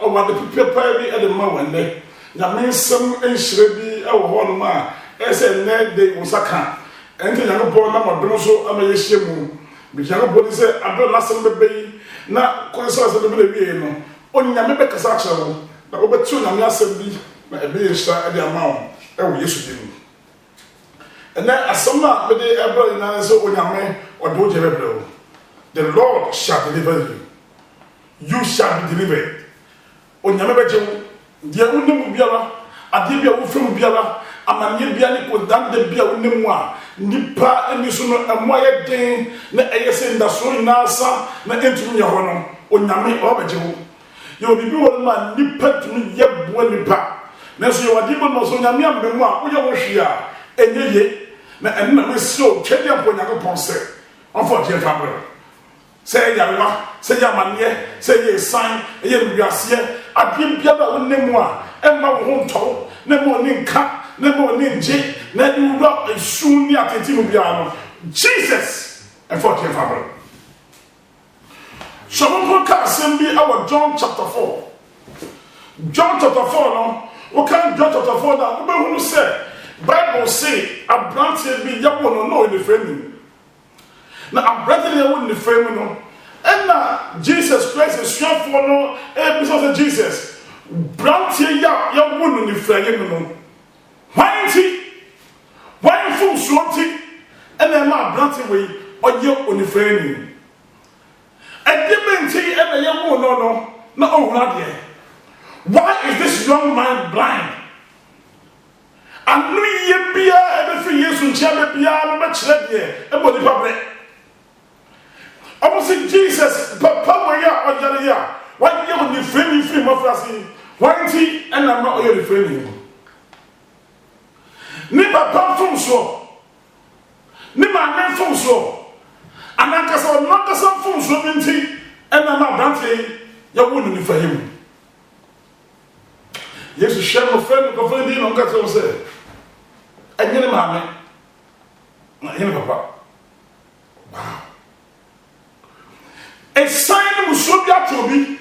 ɔwɔ ade bi ɛde ma wɔn nnɛ nyame nsɛm nhyerɛ bi ɛwɔ hɔnom a ɛsɛ nnɛ de wɔn nsa ka ɛnti nyankopɔn nam ɔdom so ama yɛhyia mu nyankopɔn ne sɛ abere n'asɛm bɛbɛ yi na kwan sɛ ɔsɛ bɛbɛ wie no onyame bɛkasa akyerɛ wɔn na wɔbɛtu onyame asɛm bi na ɛbɛ yɛ nhyira ɛde ama wɔn ɛwɔ yesu bi mu ɛnɛ asɛm a mede ɛbrɛ nyinaa sɛ onyame ɔde wo gyɛ bɛbrɛ the lord shall deliver you you shall be delivered onyame bɛgye wo deɛ wonim biara adeɛ bi a wofim biara amanneɛ bia ne kodanda bi a wonim mu a nnipa ani so no ɛmmoa yɛ den na ɛyɛ sɛ ndasoɔ nyinaa sa na ɛntumi nyɛ hɔ no onyame ɔbɛgye wo yɛwɔ biribi wɔ nom a nnipa tumi yɛ boa nnipa nanso yɛwɔ adeɛ bi so onyame ammɛ mu a woyɛ wo hwee a ɛnyɛ ye na ɛno na woasi o twɛdeɛ mpo onyankopɔn sɛ ɔmfa ɔgyeɛ fa berɛ sɛ ɛyɛ yarewa sɛ ɛyɛ amanneɛ sɛ ɛyɛ esan ɛyɛ nnuaseɛ adwene biara a wone mu a ɛmma wo ho ntɔ na ma ɔne nka na ma ɔne ngye na de wura esu ne atete mu biara no jesus ɛfɔ ɔte ɛfa bere sɔmɔnkɔ ka asɛm bi ɛwɔ john chapter four john chapter four no wɔka john chapter four no a wobɛhunu sɛ bible se aberanteɛ bi yɛwɔ no na ɔyɛ ne fɛ mu na aberanteɛ no yɛwɔ ne fɛ mu no ɛna jesus christ esuafoɔ no ebisa eh, sɛ jesus branteɛ yi a yɛwo no nifirayɛ no no wɔn ti wɔn funsuo ti ɛna ɛma abranteɛ wɔ yi ɔyɛ onifirayɛni ɛdi bi nti ɛna yɛwo no no na ɔwura deɛ why is this young man blind ano yie biara ɛbɛfiri yesu nkyɛn bɛ biara no bɛkyerɛ deɛ ɛbɔ nipa bɛrɛ ɔmo si jesus papa wɔyɛ a ɔyare yɛ a wɔyɛ wɔn ne firi ne firi mɔfra se wɔn ti ɛna ma ɔyɛ ne firi ne mu ne papa fom soɔ ne maame fom soɔ anankasa ɔno ankasa fom soɔ ne nti ɛna ma aberanteɛ yi yɛwɔ ne nifa yɛ mu yesu hyɛ no fɛn no kɔfɛn bi na ɔnkasa wɔ sɛ ɛnyɛ ne maame. san ne musuo bi ato bi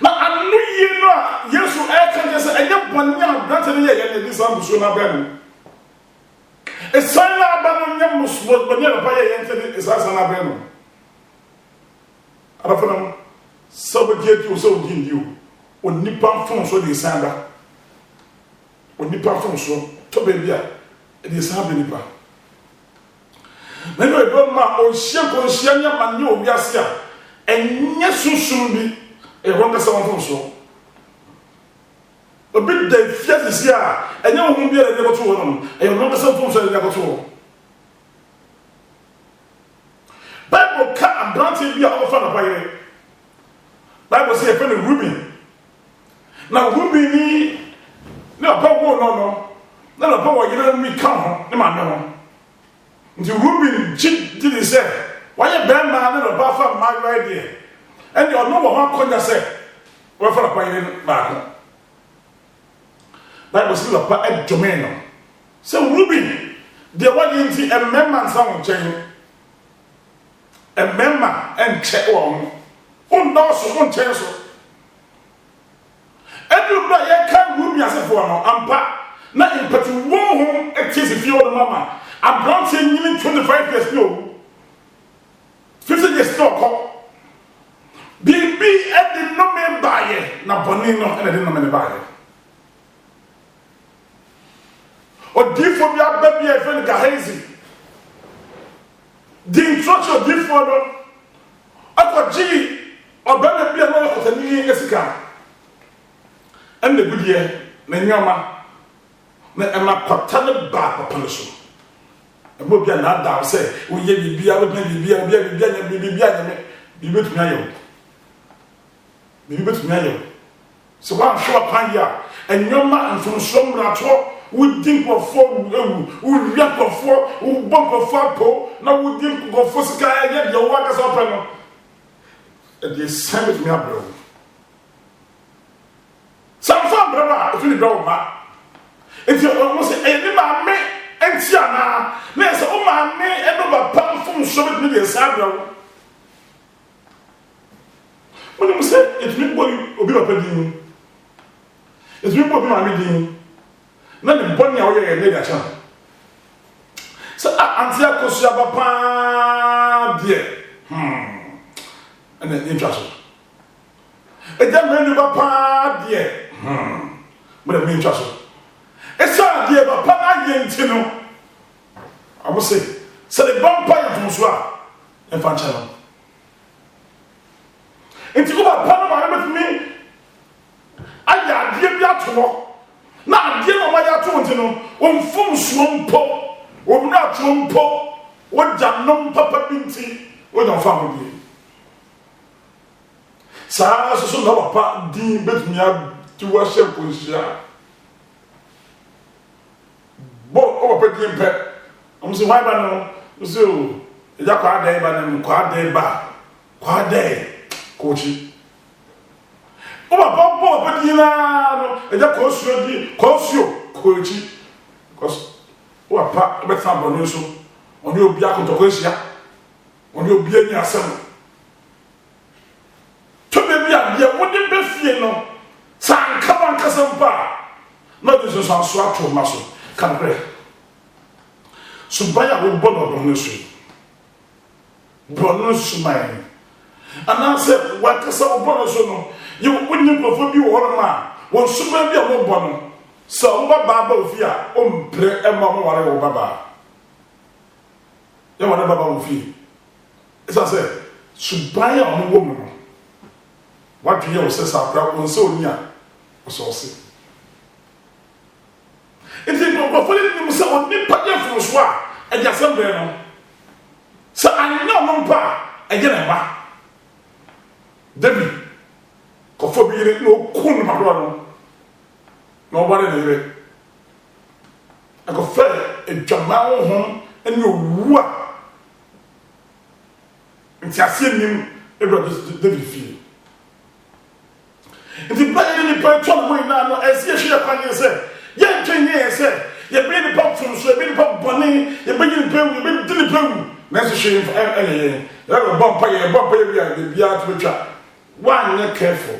na ano yie no a yesu ɛka kyerɛ sɛ ɛnyɛ bɔne a aberante no yɛ yɛ ne de saa musuo no aba mu ɛsan no aba no nyɛ musuo bɔne a papa yɛ yɛ ntɛ ne ɛsan san no mu adafo no sɛ wobɛdi adi o sɛ wodi ndi o onipa mfonso de ɛsan ba onipa mfonso tɔ baabi a ɛde ɛsan ba nipa nínú ìdó ma ònhyia kò nhyia ní ɛma ní òwiase a ɛnyɛ sunsun bi ɛhɔ e nkasa wɔn fɔm soɔ obi da fia sisi a ɛnyɛ ohun bi a yɛde kɔto hɔ nom ɛyɛ e wɔn nkasa fɔm soɔ yɛde kɔto hɔ bible ka aberanteɛ bi a ɔfa n'aba yɛ bible sɛ yɛfɛ no ruben na ruben ni ne ɔba wo no no na n'ɔba wɔ yɛrɛ mi ka ho ne maame ho nti ruben gyi di ne sɛ wɔyɛ bɛrima ne ne ba fa mmaayewa deɛ ɛnni ɔno wɔ ho akɔnya sɛ wɔfa ne panyere no baako bible sɛ papa adwomee no sɛ ruben deɛ wɔde nti mmarima nsa wo nkyɛn mmarima nkyɛ wɔ ho wondɔɔso wo nkyɛn so ɛduru bra yɛka ruben asefoɔ no ampa na mpatiwɔ ho atie si fie wɔ no mama aberanteɛ nyini 25 years ne owu fifty years náà kɔ biribi ɛde nnome baayɛ na bɔnne no ɛna ɛde nnome no baayɛ odiifo bi aba bi a efe no gahezi di ntrɔkye odiifo no akɔgye ɔbɛrɛ bi a n'ɔyɛ kɔtɔni esika ɛna egudeɛ na nneɛma na ɛma kɔtɔ no ba papa no so ɛbɔ bi a n'adaw sɛ woyɛ biribi a wotena biribi a obi a biribi a nyɛ biribi a nyɛ biribi betumi ayɛ o biribi betumi ayɛ o sɛ w'ahwɛ ɔpan yɛ a ɛnyɛma nfonso mmarato wodi nkurɔfoɔ ewu wowia nkurɔfoɔ wobɔ nkurɔfoɔ apo na wodi nkurɔfoɔ sika ɛyɛ deɛ wɔn akasa ɔpɛ no ɛdi esan betumi abrɛ o sanfa abrɛ no a etu ne brɛ wɔn ma eti ɔmo sɛ ɛyɛ ne maame ɛnti anaa na ɛsɛ wo maame ɛne baba mfom nsuo bɛtumi deɛ saa abrɛ wo wonim sɛ ɛtumi bɔ obi papa din ɛtumi bɔ obi maame din na ne bɔne a woyɛ yɛ ne de akyɛ sɛ ah, ante akɔsuaba paa deɛ hmm. ɛna ɛntwa so ɛgya mmerɛ nipa paa deɛ mmerɛ mmerɛ ntwa so ɛsɛ adeɛ papa no ayɛ nti no ɔmo se sɛ de bɔ mpa yɛ tum so a mfa nkyɛn no nti ko ba pa no ma ne bɛtumi ayɛ adeɛ bi ato hɔ na adeɛ na ɔmo ayɛ ato nti no wɔn fom soɔ mpo wɔn mu ato mpo wɔgya nom papa bi nti wɔgya nfa ho bie saa soso na papa din bɛtumi adi wɔahyɛ nkwanhyia bɔ ɔpapa din pɛ wɔn sɛ wɔn aba no wɔn sɛ o ɛgya kɔ adan ba no mu kɔ adan ba kɔ adan kɔɔkyi wɔn ba bɔbɔ ɔbɛ di nyinaa no ɛgya kɔ osuo di kɔ osuo kɔɔkyi kɔs wɔn apa ɔbɛtena abɔnne so ɔne obi akotɔkɔ ahyia ɔne obi ani asɛm tɔbɛ bi a deɛ wɔde bɛ fie no saa nkaba nkasa mpa na ɔde soso aso ato ma so kankere suban a wobɔ dɔdɔ no so bɔ no suman anaasɛ wakasa wobɔ no so no yɛ wonye nkurɔfoɔ bi wɔ hɔnom a wɔn suman bi a wɔbɔ no sɛ wobabaa ba ofie a ɔmprɛ ɛma ho ware wo babaa yɛ wɔne baba wo fie ɛsiane sɛ suban a ɔno wɔ mu no wadwene wo sɛ sɛ akora wo nsɛ ɔni a ɔsɛ ɔse nti nkurɔfoɔ wɔ nipa yɛ funu so a ɛdi asɛm bɛn no sɛ anyanya ɔmo mpa a ɛgye ne mba dabi kɔfɔ bi yere na okun ne madoa no na ɔbare ne yere akɔfɛ edwamaa honhom ɛne owu a ntiaseɛ nim ebura dabi fie nti bɛyɛ nipa etwa mo nyinaa no ɛsi ehwɛ kwan yɛ sɛ yɛntwɛn yɛ sɛ yɛbɛyɛ nipa mfomso yɛbɛyɛ nipa bɔne yɛbɛyɛ nipa ewu yɛbɛyɛ di nipa ewu nanso hwee nfa ɛna yɛn yɛbɛ bɔ mpa yɛ bɔ mpa yɛ wia beebi ato atwa wanyɛ kɛfo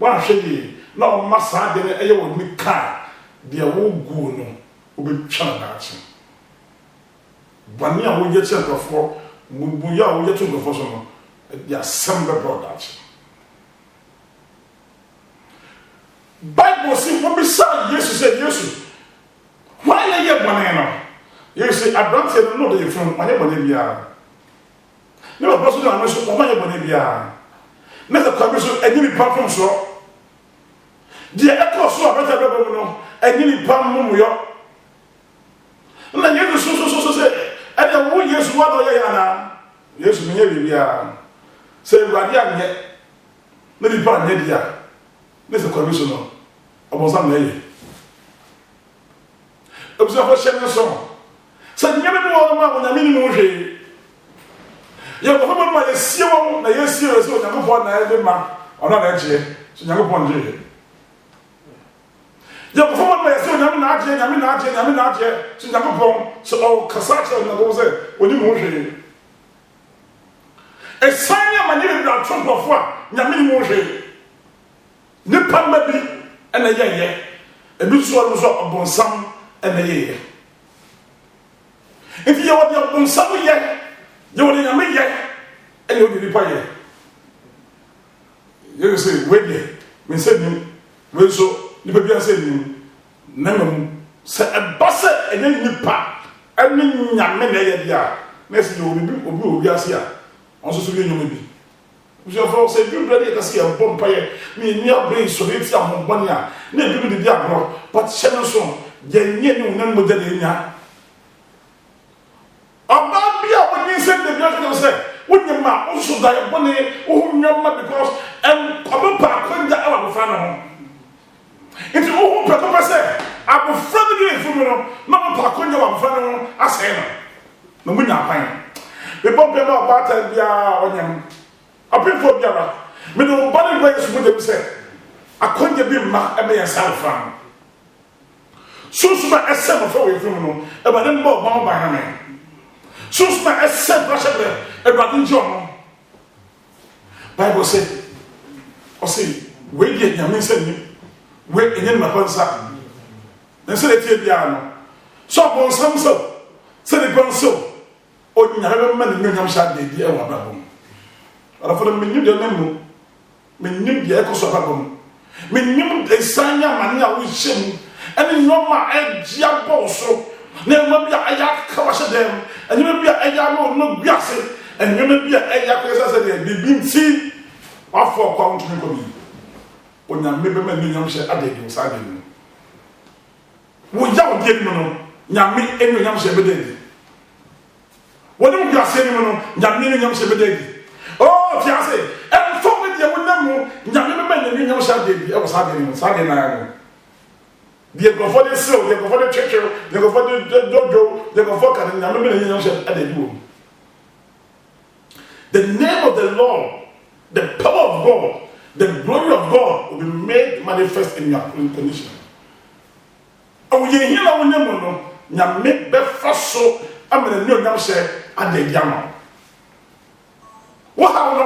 wanhwɛ yie na ɔma saa de no ɛyɛ wɔn ni kaa deɛ wogu no wobɛtwa no daakye bɔne a woyɛ kyɛ nkurɔfoɔ mmubuyi a woyɛ to nkurɔfoɔ so no ɛde asɛm bɛbrɛ daakye bible si wɔbisa yesu sɛ yesu yɛyɛ bɔne no yɛsɛ aberanteɛ no na ɔde yɛ funu ɔnyɛ bɔne biara ne bɛbɔ so ne ɔno so ɔmanyɛ bɔne biara ne sɛ kwa bi so ɛnyɛ nipa fom soɔ deɛ ɛkɔɔ so aberanteɛ bɛbɔ mu no ɛnyɛ nipa momuyɔ na yesu sosososo sɛ ɛdɛ wo yesu wadɔ yɛ yɛ anaa yesu menyɛ biribiara sɛ awurade anyɛ ne nipa anyɛ deɛ ne sɛ kwa bi so no ɔbɔnsam na ɛyɛ abusuafo hyɛ ne so sɛ nneɛma bi wɔ hɔ a onyame nim ho hwee yɛkɔfa ma no a yɛsie wɔ na yɛsie wɔ sɛ onyankopɔn na ɛde ma ɔno na ɛgyeɛ so onyankopɔn gyeɛ yɛkɔfa ma no ma yɛsie onyame na agyeɛ nyame na agyeɛ nyame na agyeɛ so onyankopɔn sɛ ɔkasa kyerɛ onyankopɔn sɛ onim ho hwee ɛsan yɛ ma ne bebree ato nkurɔfoɔ a nyame nim ho hwee nipa mma bi ɛna yɛyɛ ebi nso ɔno nso ɔbɔnsam ɛmɛyɛ yɛ nti yɛwɔ deɛ bonsam yɛ yɛwɔ deɛ nyame yɛ ɛne wode nipa yɛ yɛyɛ sɛ wedeɛ me nsɛ nim wei nso nipa bia sɛ nim na mmom sɛ ɛba sɛ ɛnyɛ nipa ɛne nyame na ɛyɛ deɛ a na ɛsɛ yɛ obi obi wɔ wiase a ɔnso so yɛ nnwuma bi busuafo sɛ biblia de yɛka sɛ yɛbɔ mpayɛ ne yɛni abere sɔre ti ahobɔne a na ɛbibi de di agorɔ but hyɛ no so yɛnyɛ ne wonam mogya na ɛnya ɔbaa bi a wɔnyi nsɛm da bi ɔkɛkɛ sɛ wonyɛ ma wososo da yɛbɔne woho nnwɔma because ɔbɛ paako ngya ɛwɔ abofra no ho nti woho pɛpɛpɛ sɛ abofra no ne yɛfu mu no na mo paako ngya wɔ abofra no ho asɛe no na monya kwan bebɔ mpɛ ma ɔbaatan biara ɔnyɛ no ɔpemfoɔ biara mede wo ba ne bɔ yɛ somu da sɛ akɔngya bi mma ɛbɛyɛ saa abofra no sunsun a ɛsɛ bɔfra wɔ efirim no ɛbɛde mbɔ ɔbɔn ba hame sunsun a ɛsɛ bahyɛ brɛ ɛdɔade ngye ɔmo baibu sɛ ɔsɛ wei deɛ nyame nsɛm ni wei enye nnapa nsa ne nsa etie biara no sɛ ɔbɔ nsɛm sɛ sɛ nipa nsɛm onyame bɛ mma ne nyonyam hyɛ adeɛ bi ɛwɔ abrabɔ mu ɔdɔfo no menyim deɛ ɔnam mu menyim deɛ ɛkɔ so abrabɔ mu menyim deɛ san yɛ amane a wohyɛ mu ɛne nneɛma a ɛgyia bɔ so nneɛma bi a ɛyɛ akawa hyɛ dɛm nneɛma bi a ɛyɛ ama ɔno gu ase nneɛma bi a ɛyɛ akɔyɛ sɛ sɛdeɛ biribi nti wafɔ ɔkwa ntumi kɔ bi onyame bɛma ne nyam hyɛ ada adi saa adi mu woyɛ wo deɛ mu no nyame ɛnu nyam hyɛ bɛda adi wɔne mu gu ase mu no nyame ɛnu nyam hyɛ bɛda adi oo fiase ɛmfɔ ne deɛ wonam mu nyame bɛma ne nyam hyɛ ada adi ɛwɔ saa adi mu saa adi na ayɛ no deɛ nkurɔfoɔ de sew deɛ nkurɔfoɔ de twetwew deɛ nkurɔfoɔ de dodwo deɛ nkurɔfoɔ ka ne nyame bi na yi nyam hyɛ ada bi wɔ mu the name of the lord the power of god the glory of god will be made manifest in your condition awuyehin na wonye mu no nyame bɛfa so ama na ne onyam hyɛ ada bi ama wohaw no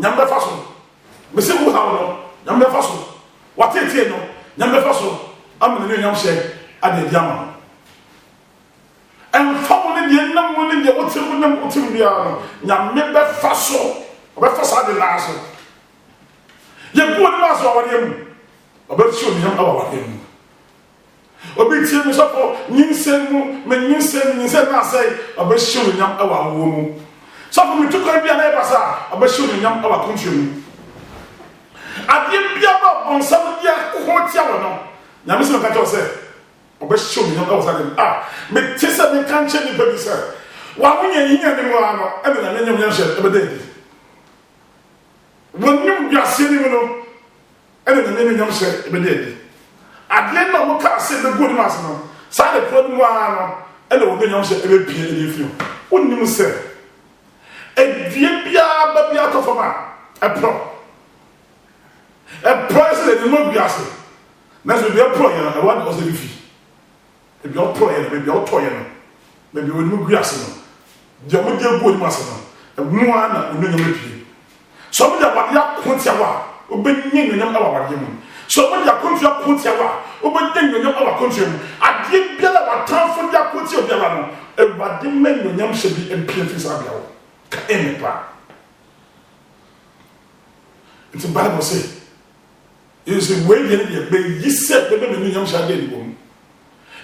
nyame bɛfa so mesi wohaw no nyame bɛfa so wateetee no nyame bɛfa so ama ne nuonyam hyɛ ada adi ama ɛnfa mu ne deɛ nam mu ne deɛ wote mu nam wote mu biara no nyame bɛfa so ɔbɛfa saa de naa so yɛgu wɔ ne naa so awadeɛ mu ɔbɛhyɛ onuonyam aba awadeɛ mu obi tie mi sɔfo nyinsɛn mu mɛ nyinsɛn nyinsɛn naa sɛ ɔbɛhyɛ onuonyam ɛwɔ awoɔ mu sɔfo mi tukɔ bi a n'ayɛ basa ɔbɛhyɛ onuonyam ɛwɔ akuntun mu adeɛ bi a ɔbɔ nsɛm bi a kɔkɔɔ tia wɔ no nyame sɛ ɔka kyɛw sɛ ɔbɛhyɛ ominyam ɛwɔ sa ne mu a mete sɛ meka nkyɛ nnipa bi sɛ wawonya yihia ne mu a no ɛne na menyam nyahyɛ ɛbɛda adi wɔnim dwaseɛ no mu no ɛne na menyam nyahyɛ ɛbɛda adi adeɛ na ɔmo kaa sɛ bɛgu ne mu ase no saa de pɔ no mu a no ɛne wɔbɛ nyam hyɛ ɛbɛpie ɛde afiri mu wonim sɛ e ɛdie biara ba bi atɔ fam a ɛporɔ e e ɛporɔ sɛ ɛnimɔ dwaseɛ na so ebi ɛpɔ yɛ no ɛwɔ na ɔsɛ bi fi ebi ɔpɔ yɛ no ebi ɔtɔ yɛ no ebi onimu gu ase no deɛ ɔmo deɛ gu onimu ase no ɛmoa na onu nyɛm epie so ɔmo de awadeɛ ako tia wa ɔbɛ nye nyɛm ɛwɔ awadeɛ mu so ɔmo de akontua ko tia wa ɔbɛ nye nyɛm ɛwɔ akontua mu adeɛ biara w'atanfo de ako tia biara no ɛwɔade mɛ nyɛm hyɛ bi mpie fi saa bea wɔ ka ɛmɛ paa nti baibu sɛ yɛsɛ wei yɛ ne deɛ bɛyi sɛ bɛbɛ bɛ nyam hyɛ adeɛ de wɔ mu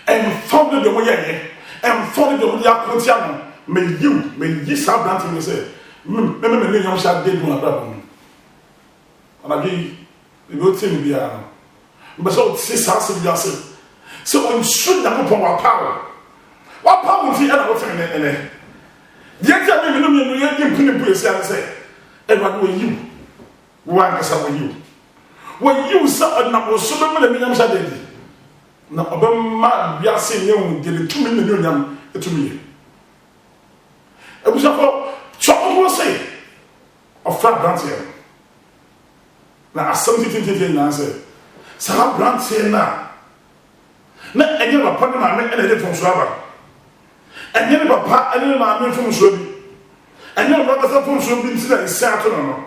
ɛmfam ne deɛ moyɛyɛ de ne deɛ mode akoro tia no meyiw meyi saa aberante no sɛ mɛmɛ mɛ ne nyam hyɛ adeɛ de mu abrabɔ mu anadwo yi ebi o tie ne biara no mbɛ sɛ ɔte saa asɛm bi ase sɛ ɔnsu nyankopɔn wapa wo wapa wo nti ɛna wofɛn ne ɛnɛ deɛ ti a mi mi no mi no yɛ di mpu ne bu esi ase sɛ ɛwurade wɔyiw wɔn ankasa wɔyiw wɔyi wo sɛ ɔnam wosoro mu na menyam hyɛ dadi na ɔbɛma wiase nyɛ wo deɛ ne tumi ne nyonyam tumi yɛ abusuafo sɔkodoɔ sɛ ɔfra aberanteɛ no na asɛm titintiti nyinaa sɛ saa aberanteɛ no a na ɛnyɛ papa ne maame ɛna ɛde fomso aba ɛnyɛ ne papa ɛne ne maame fomso bi ɛnyɛ ne papa sɛ fomso bi nti na ato no no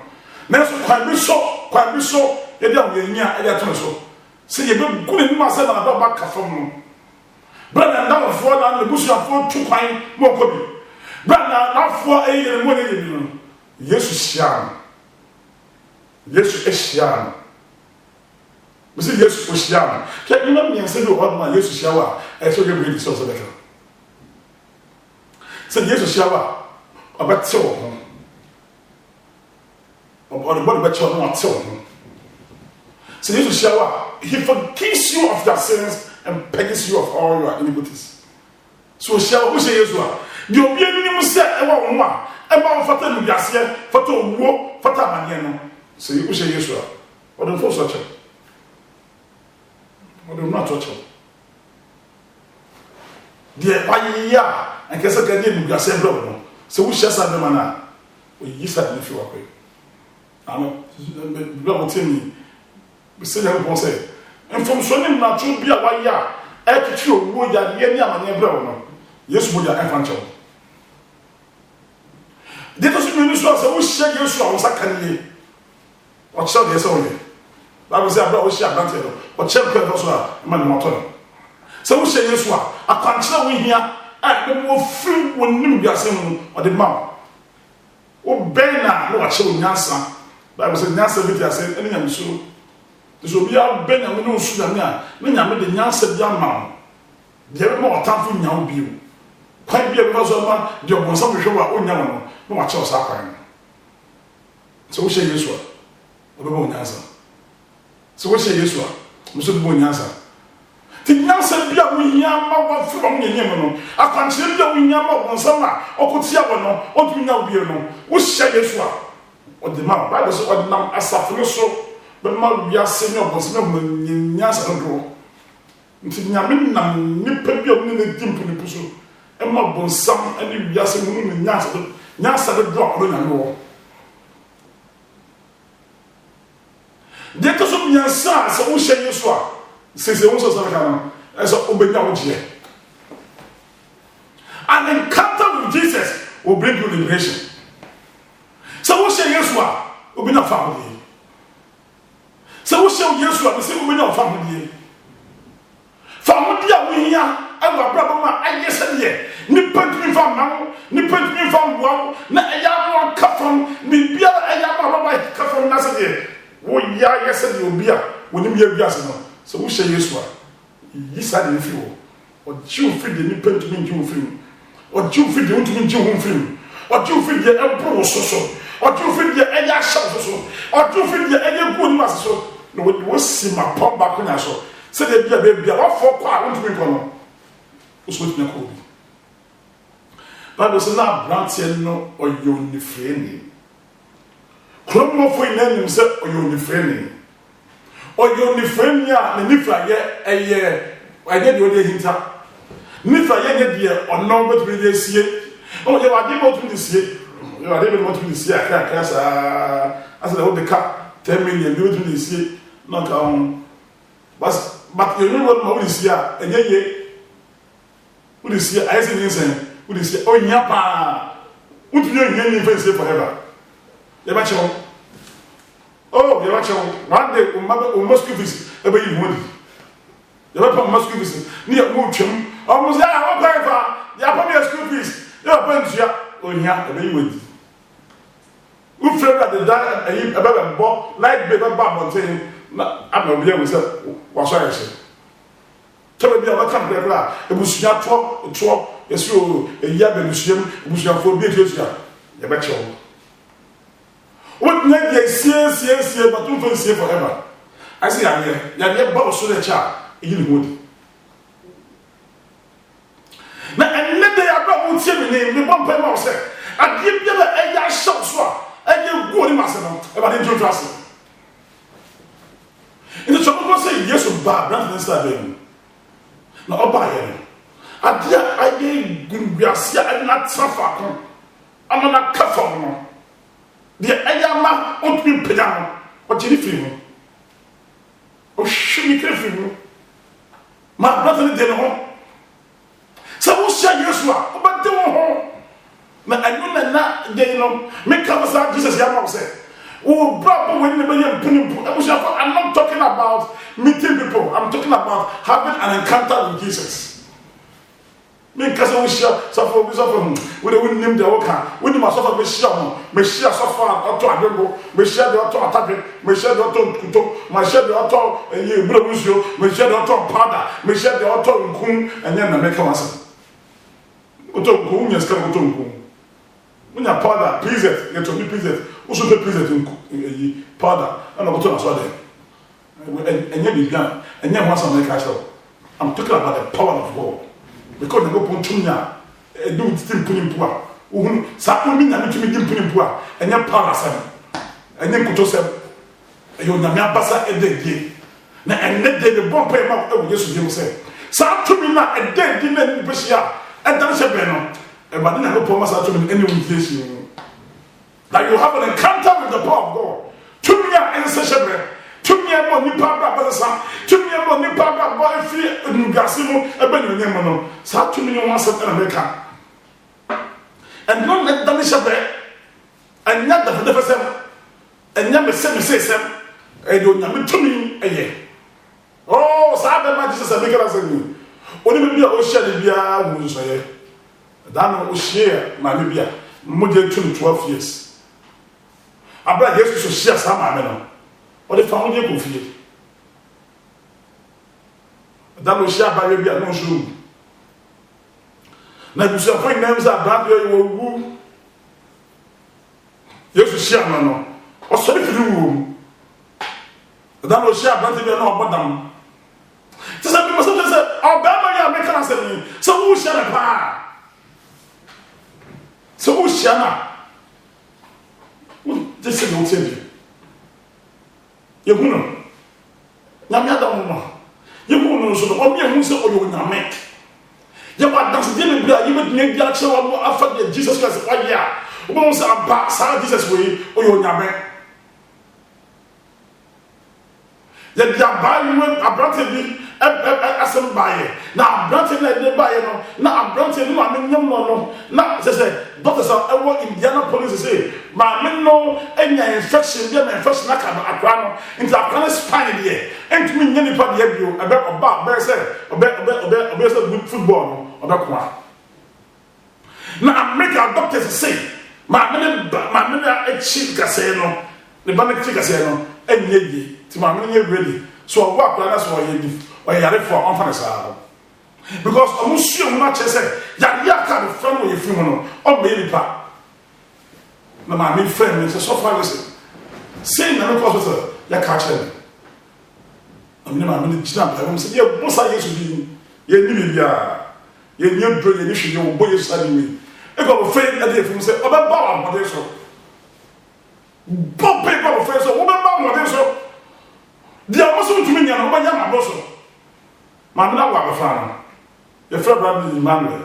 nanso kwan bi so kwan bi so ebi awo yɛn nyia ɛdi ato ne so sɛ yɛ bɛ gu ne nimu asɛ na adɔ ba ka fam no bɛrɛ na ndamafoɔ na ne busuafoɔ tu kwan mu ɔkɔ bi bɛrɛ na n'afoɔ eyi yɛn mu ne yɛ bi no yesu hyia no yesu ehyia no bisi yesu ohyia no kɛ nna mmiɛnsa bi wɔ hɔ nom a yesu hyia wɔ ɛsɛ ɔyɛ bɛyi di ɔsɛ bɛka sɛ yesu hyia wɔ a ɔbɛte wɔ ho bɔ de bɛkyɛ wɔ no ɔte wɔ So if you he forgives you of your sins and purges you of all your iniquities. So shall who say Yeshua? The obedient minimum said, Ewa Uma, Eba Fata Lugasia, Fata Uwo, Fata Maniano. So you say Yeshua. Or the first watcher. Or the not watcher. Deɛ wayeyɛ a nkɛsɛ ka deɛ nuguasɛ brɛ wo no sɛ wohyɛ sa dɛma no a ɔyiyi sa de no fi wakɔ yi ano bibia wotemi bisi yɛ bɔ sɛ mfomsoni nnatu bi a wayɛ a ɛtwitwi owuo yadeɛ ne amaneɛ brɛ wɔ no yesu mogya ɛfa nkyɛw deɛ tɔ so mmienu so a sɛ wohyɛ yesu a wo nsa ka ne yie ɔkyerɛ deɛ sɛ woyɛ bible sɛ abrɛ a wohyɛ aberanteɛ no ɔkyerɛ mpɛ ɛtɔ so a ɛma ne mɔtɔ no sɛ wohyɛ yesu a akwankyerɛ wo nso obi abɛ nyame ne osu nyame a ne nyame de nyansa bi ama wo deɛ bɛma ɔtamfo nya wo bio kwan bi a bɛma so ama deɛ ɔbɔnsam hwehwɛ wo a ɔnya wo no na wakyɛ wo saa kwan no sɛ wohyɛ yesu a ɔbɛbɛ wo nyansa sɛ wohyɛ yesu a nso bɛbɛ wo nyansa ti nyansa bi a wohia ma wɔmfiri wɔm nyɛnyɛ mu no akwankyerɛ bi a wohia ma ɔbɔnsam a ɔkɔtia wɔ no ɔntumi nya wo bio no wohyɛ yesu a ɔde ma wo bible sɛ ɔde nam asafo no so bɛma wiase ne ɔbɔnsɛm ahoma nyanya asɛm doɔ nti nyame nam nipa bi a ɔmo ne di mponipo so ɛma ɔbɔnsɛm ne wiase mu ne nya asɛm nya asɛm doɔ a ɔno nyame wɔ deɛ ɛtɔ so mmiɛnsa a sɛ wohyɛ yesu a sese wo sɔsɔ ka no ɛsɛ ɔbɛnya wo gyeɛ an encounter with jesus will bring you liberation sɛ wohyɛ yesu a obi na fa wo deɛ sɛ wohyɛ wo yesu a mesɛ wobɛnya wo fa hodie fa hode a wohia ɛwɔ abrabɔ mu a ayɛ sɛdeɛ nnipa tumi fa mma wo nnipa tumi fa mmoa wo na ɛyɛ aboa nka fam biribiara ɛyɛ aboa baba ka fam na sɛdeɛ woyɛ ayɛ sɛdeɛ obi a wonim yɛ wiase no sɛ wohyɛ yesu a yi saa deɛ mfiri hɔ ɔgye wo firi deɛ nnipa ntumi ngye wo firi mu ɔgye wo firi deɛ wontumi ngye ho mfiri mu ɔgye wo firi deɛ ɛboro wo so so ɔgye wo firi deɛ ɛyɛ ahyɛ wo so so ɔgye wo firi deɛ ɛyɛ guo nim ase so na wosi ma pɔn baako nya so sɛdeɛ bia beebia wafɔ kɔ a wontumi nkɔ no wosowo tumi kɔ obi baabi sɛ na aberanteɛ no ɔyɛ onifirani kurom mɔfo yi na anim sɛ ɔyɛ onifirani ɔyɛ onifirani a ne nifra yɛ ɛyɛ ɛyɛ deɛ ɔde ahinta nifra yɛ yɛ deɛ ɔnam bɛtumi de esie ɔmo yɛ wade bɛ ɔtumi de sie yɛ wade bɛ ɔtumi de sie akrakra saa asɛ na de ka ten million bi ɔtumi de sie na nka ho um, bas but you know what um, um, we see ah, ah? a enye ye we see i say ni sen we see onya pa utumi onya ni face forever ye ba che ho oh ye ba che ho one day o ma o must give this e ba yi ho ye ba pa must give this ni ya mo twem almost ya ho kwa fa ya pa me school fees ya pa ntia onya e ba yi wodi wofrɛ no adeda ayi ɛbɛbɛmbɔ light bay bɛba abɔnten na ama obi ewu sɛ wasɔ ayɛ hyɛ tɛbɛ bi a wɔka mpɛ kora ebusua tɔ tɔ esi o eyi abɛ ebusua mu ebusuafo bi etu etua yɛbɛkyɛ wɔn wotina deɛ siesiesie batumfo nsie forever ase yadeɛ yadeɛ ba ɔso n'akyi a eyi ne ho di na ɛnɛ de yaba mo tie mi ne mi bɔ mpɛ ma ɔsɛ adeɛ biara ɛyɛ ahyɛw so a ɛyɛ gu m'a ase no ɛba de ntutu ase nti sɛ ɔbɛbɔ sɛ yesu ba aberante ne nsa bɛn mu na ɔba yɛ no adeɛ a ayɛ gunduase a ɛde n'atena faako ama n'aka fam no deɛ ɛyɛ ama ɔtumi pagya no ɔgye ne firi ho ɔhwɛ ne kiri firi ho ma aberante ne de ne ho sɛ wohyɛ yesu a wobɛde wo ho na ɛno na na yɛyi no meka wo saa jesus yɛ ama wo Oh, brother, when you I'm not talking about meeting people. I'm talking about having an encounter with Jesus. Me nkasa wo hyia suffer bi sɔfo mu wo de wo nim deɛ wo ka wo nim share. bi hyia mu me hyia sɔfo a ɔtɔ adebo me hyia deɛ ɔtɔ atadwe me hyia deɛ ɔtɔ nkuto me hyia deɛ ɔtɔ ɛyɛ ebura wusuo me share the auto powder me hyia deɛ ɔtɔ nkum ɛnyɛ na mɛka wasa ɔtɔ nkum yes sika ɔtɔ nkum wonya powder pizet yɛtɔ ne pizet woso pɛ pizet nyi powder ɛna wobɛtɔ na sɔdɛ ɛnyɛ biribian ɛnyɛ ho asɛm ne ka kyerɛ i'm talking about the power of god because nyankopɔn tumi a ɛde wo tete mponi mpo a wohunu saa wone nyame tumi di mponi mpo a ɛnyɛ powder sɛm ɛnyɛ nkotosɛm ɛyɛ onyame abasa ɛda die na ɛnɛ de ne bɔ mpae ma ɛwɔ oh, yesu dim sɛ saa tumi no a ɛda di na nipa hyia a ɛdanhyɛ bɛn no And but then I promise that to me any invitation. Like you have an encounter with the power of God. To me and session. To me and nipa ba ba sa. To me and nipa ba ba fi ngasi mu e ba nyenye mu no. Sa to me one set na meka. And no let that is there. And not the the person. And not the same same. E do nyame to me e eh, ye. Oh, sa ba ma Jesus e meka la se ni. Oni bi bi o share bi a da na ɔhyia maame bi a mogya tu twelve years abira yesu so hyia saa maame no ɔde fa mogya kɔ fie da na ɔhyia abaayewa bi a na ɔhyia owu na abusuafo nyinaa sɛ aberanteɛ yi wɔwu yesu hyia no no ɔsɔre firi wuo mu da na ɔhyia aberanteɛ bi a na ɔbɔ dam te sɛ bi mo sɛ te sɛ ɔbɛrima yi a meka na sɛ ni sɛ wowu no paa sɛ wohyia no a wogye sɛ ne wote adwene yɛhu no nyame ada wo ma yɛhu no nso no ɔbea hu sɛ ɔyɛ onyame yɛwɔ adansedeɛ bebree a yɛbɛtumi adi akyerɛ wɔ mo afa deɛ jesus christ wayɛ a wobɛhu sɛ aba saa jesus wei ɔyɛ onyame yɛde abaa yiwe aberanteɛ bi asɛm baayɛ na aberanteɛ no a ɛde baayɛ no na aberanteɛ no maame nyam no no na sɛ sɛ dɔkta sɛ ɛwɔ indiana police sɛ maame no anya infection bi ama infection aka no akora no nti akora no spine deɛ ɛntumi nyɛ nipa deɛ bio ɛbɛ ɔba ɔbɛyɛ sɛ ɔbɛ ɔbɛ ɔbɛ ɔbɛyɛ sɛ good football no ɔbɛko a na america doctors sɛ maame ne ba maame ne akyi kasɛɛ no ne ba ne akyi kasɛɛ no ɛnyɛ yie nti maame ne nyɛ ready so ɔwɔ akora no so ɔyɛ different ɔyɛ yarefoɔ a ɔmfa ne saa no because ɔmo sua mu no akyerɛ sɛ yareɛ aka ne fɛn wɔ yɛfiri mu no ɔmmɛɛ nipa na maame fɛn mi sɛ sɔfo ayɛ sɛ sɛn na ne kɔ so sɛ yɛka kyerɛ me na mene maame no gyina mpae mu sɛ yɛbɔ saa yesu din yɛnni biribiara yɛnyɛ duro yɛne hwee yɛwɔ bɔ yesu saa din ɛkɔ bɔ fɛn ɛde yɛ fom sɛ ɔbɛba wɔ ahoɔden so bɔ pɛ kɔ bɔ fɛn so wɔbɛba ahoɔden so deɛ ɔmo so ntumi nya no ɔbɛnya n'abɔ so maame na wabɛfa no yɛfrɛ brabis emmanuel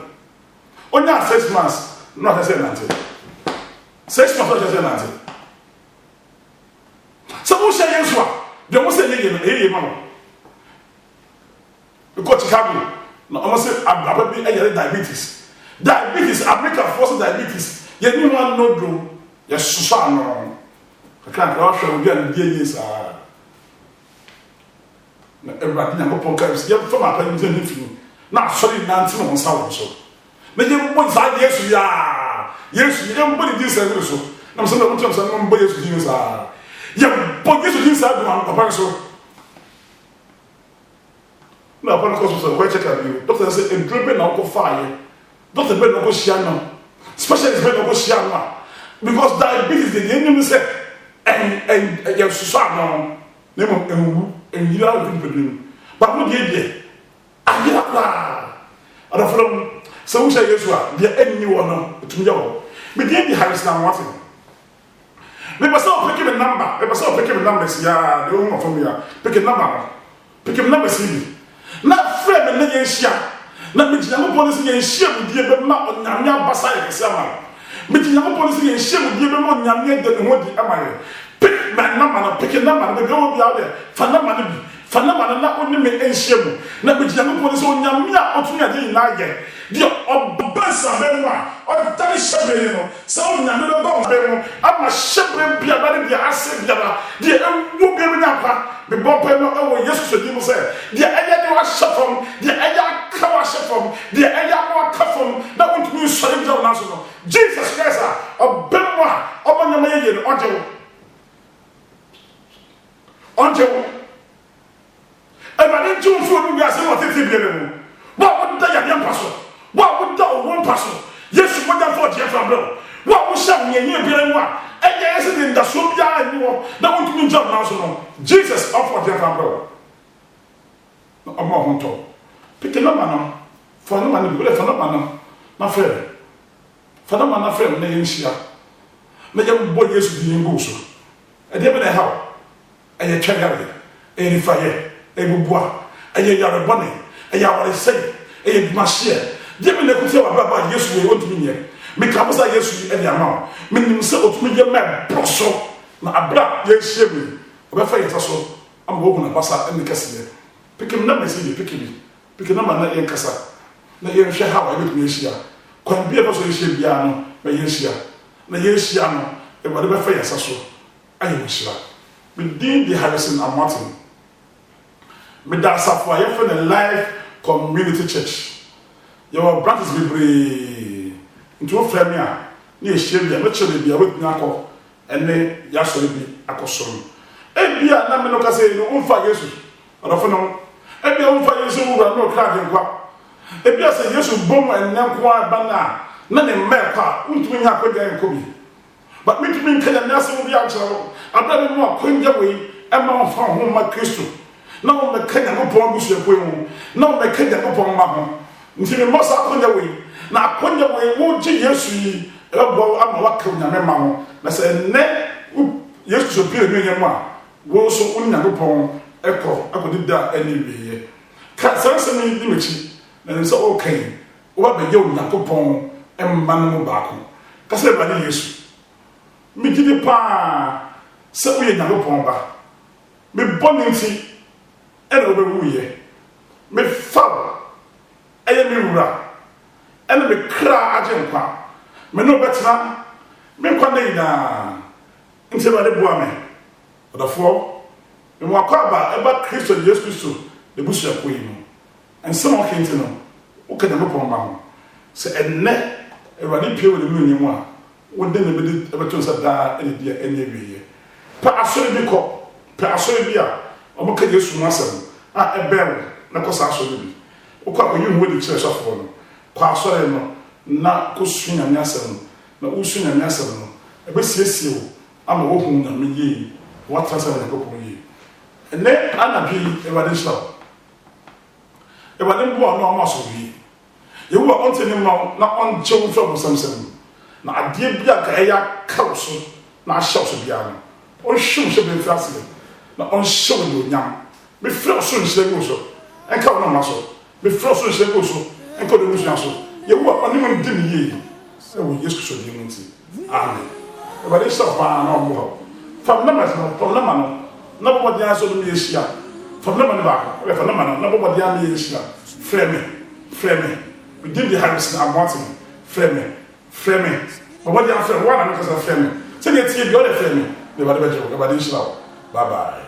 onya six months na ɔhyɛ sɛ nante six months na ɔhyɛ sɛ nante sɛ wohyɛ yɛ nso a deɛ wo sɛ yɛyɛ no ɛyɛ ma no ɛkɔ chicago na ɔmo sɛ aba bi ɛyɛ ne diabetes diabetes amerikafoɔ sɛ diabetes yɛne ho ano duro yɛsoso ano kakra nkra wahwɛ wo bi a ne bi yɛ yie saa awurade nyankopɔn ka sɛ yɛmfa maapa nim sɛ ne firi na asɔre nante ne ho nsa wɔ so na yɛmbɔ saa de yesu yɛa yesu yɛmbɔ ne din sɛbere so nam sɛ nawotam sɛ nombɔ yesu din saa yɛmbɔ yesu din saa duma papa so na papa kɔ so sɛ wɔkyɛ ka bio dɔkta sɛ aduro bɛ na wokɔfaayɛ dɔkta bɛ na wokɔhyia no specialist bɛ na wokɔhyia no a because diabetes deɛ yɛnim sɛ ɛyɛ susɔ ano na mmom ɛnwu ɛyira ɔfin bebree baako deɛ deɛ ayira paa adafra mu sɛ wusa yesu a deɛ ɛnni wɔ no etum yɛ wɔ mɛ deɛ di harris na wɔn afɛn mepɛ sɛ ɔpeke me namba mepɛ sɛ ɔpeke me namba si aa de wɔn afɔ mi a peke namba no peke me namba si bi na fɛn mi ne yɛn hyia na mɛ gyina mo pɔnne si yɛn hyia mu die bɛ ma ɔnyamia basa yɛ kɛse ama mɛ gyina mo pɔnne si yɛn hyia mu die bɛ ma ɔnyamia de ne ho di ama yɛ pick my number na pick number na baabi a obi awo yɛ fa number no bi fa number no na ɔne me nhyia mu na bɛ gyina nkupɔ ne sɛ onyame a ɔtumi adi nyinaa yɛ deɛ ɔba nsabɛn mu a ɔdane hyɛbɛn no sɛ onyame bɛ ba ɔbɛn mu ama hyɛbɛn biara ne deɛ ase biara deɛ ɛwɔ The mu ne apa bɛbɔ bɛn no ɛwɔ yesu sɛ di mu sɛ deɛ The ne wahyɛ fam deɛ ɛyɛ aka wahyɛ fam deɛ ɛyɛ ama aka fam na ɔntumi nsɔre gyina wɔn aso no jesus christ ah, a ɔbɛn mu a ɔbɛn nyama yɛ yɛ no ɔgye wo ɔnkyɛ wo awurade nkyɛ wo mfuo no wiase wɔ tete biara mu wo a woda yadeɛ mpa so wo a woda ɔwɔ mpa so yesu mogya fa ɔgyeɛ fa brɛ wo a wohyɛ nneɛnyɛ biara mu a ɛyɛ ɛsɛ de ndasoɔ biara ni wɔ na wontumi ntwa mmara so no jesus ɔfa ɔgyeɛ fa brɛ na ɔma ɔho ntɔ peke nɔma no fa nɔma no bi wodɛ fa nɔma no na frɛ me fa nɔma na frɛ me na yɛnhyia na yɛbɔ yesu de yɛn go so ɛdeɛ bi na ɛhaw ɛyɛ twɛ yare ɛyɛ nifa yɛ ɛyɛ bubua ɛyɛ yare bɔne ɛyɛ awaresɛ ɛyɛ dumahyɛ deɛ mi na ekuti ɛwɔ ababa yesu yɛ otumi nyɛ mika musa yesu ɛdi ama o minim sɛ otumi yɛ mɛ bɔ so na abira yɛ ehyia mi ɔbɛfa yɛ ta so ama wɔn na basa ɛne kɛse yɛ pikin na mɛsi yɛ pikin bi pikin na na yɛn kasa na yɛn hwɛ ha wa yɛ tumi ehyia kwan bi a bɛ so ehyia biara no bɛ yɛ ehyia na yɛ ehyia no ɛwɔ e de bɛfa yɛ sa so ayɛ wɔn hyira. medin de harrison amatom meda asafo a yɛfrɛ no life community church yɛwɔ branches bebree nti wofrɛ me a ne yɛhyia bi a mɛkyerɛ baabi a wobɛtumi akɔ ɛne yɛasɔre bi akɔ soro ebi a na me no kasa yi no womfa yesu ɔdɔfo no ebi a womfa yesu wura ne ɔkra de nkwa ebi a sɛ yesu bom ɛnɛ nko a a na ne mma ɛkɔ a wontumi nya akɔgya nkɔ bi but me, me, metumi nka nyame asɛm bi akyerɛ wo abrɛ me mu akwangya wei ɛma womfa ho ma kristo na wommɛka nyankopɔn abusuapoi mu na wommɛka nyankopɔn ma ho nti memmɔ saa akwangya wei na akwangya wei wogye yesu yi ɛbɔ ama woaka nyame ma ho na sɛ nnɛ yesu so pie ne nyɛ mu a wo nso wo nyankopɔn ɛkɔ akɔde da ɛne wieɛ ka saa nsɛm yi di m'akyi na ne sɛ ɔreka yi wobɛbɛyɛ onyankopɔn mma no mu baako ka sɛ ɛbade yesu megye di paa sɛ woyɛ nyankopɔn ba mebɔ ne nti ɛna wobɛwuyɛ mefa wo ɛyɛ me wura ɛna me kra agye nkwa me ne wobɛtena me nkwa nda nyinaa nti awurade boa me ɔdɔfoɔ mewakɔ aba ɛba kristo ne yesu kristo ne busuakuo yi no nsɛm a woke nti no woka nyankopɔn ma ho sɛ ɛnnɛ awurade pie wɔ ne mu nni mu a wode ne mede ɛbɛto nsa daa ɛne deɛ ɛnyɛ wieɛ pɛ asɔre bi kɔ pɛ asɔre bi a ɔmoka yesu mu asɛm a ɛbɛn wo na kɔ saa asɔre bi wokɔ akɔyi ho wode kyerɛ sɔfoɔ no kɔ asɔre no na kɔsu nyame asɛm no na wosu nyame asɛm no ɛbɛsiesie wo ama wohu nyame yie woatra sɛ nyankopɔn yie ɛnɛ anadwe yi awurade nhyira wo awurade mboa no a ɔma yɛwu a ɔnte ne ma na ɔnkyɛ wo mfrɛ wo nsɛmsɛm no na adeɛ bi a ka ɛyɛ akaw so na ahyɛw so biara no ɔnhyew hyɛ bɛmfiri ase na ɔnhyɛw nnuonyam mefrɛ wo so nhyerɛ gu so ɛnka wo nama so mefrɛ wo so nhyerɛ gu so ɛnka wo dɛmusua so yɛwu a ɔne mu ndi ne yie ɛwɔ yesu kristo din mu nti amen awurade hyɛ wo paa na ɔmmo hɔ fam nama no fam nama no na bɔbɔdeɛ nso no yɛhyia fam nama no baako ɛbɛ fam no na bɔbɔdeɛ no yɛhyia frɛ me frɛ me medin de harris na aboaten frɛ me frɛ me ɔbɔde afrɛ wo a na mekasa frɛ me sɛdeɛ tie bi ɔde frɛ me ne bade bɛgye wo na bade nhyira wo babae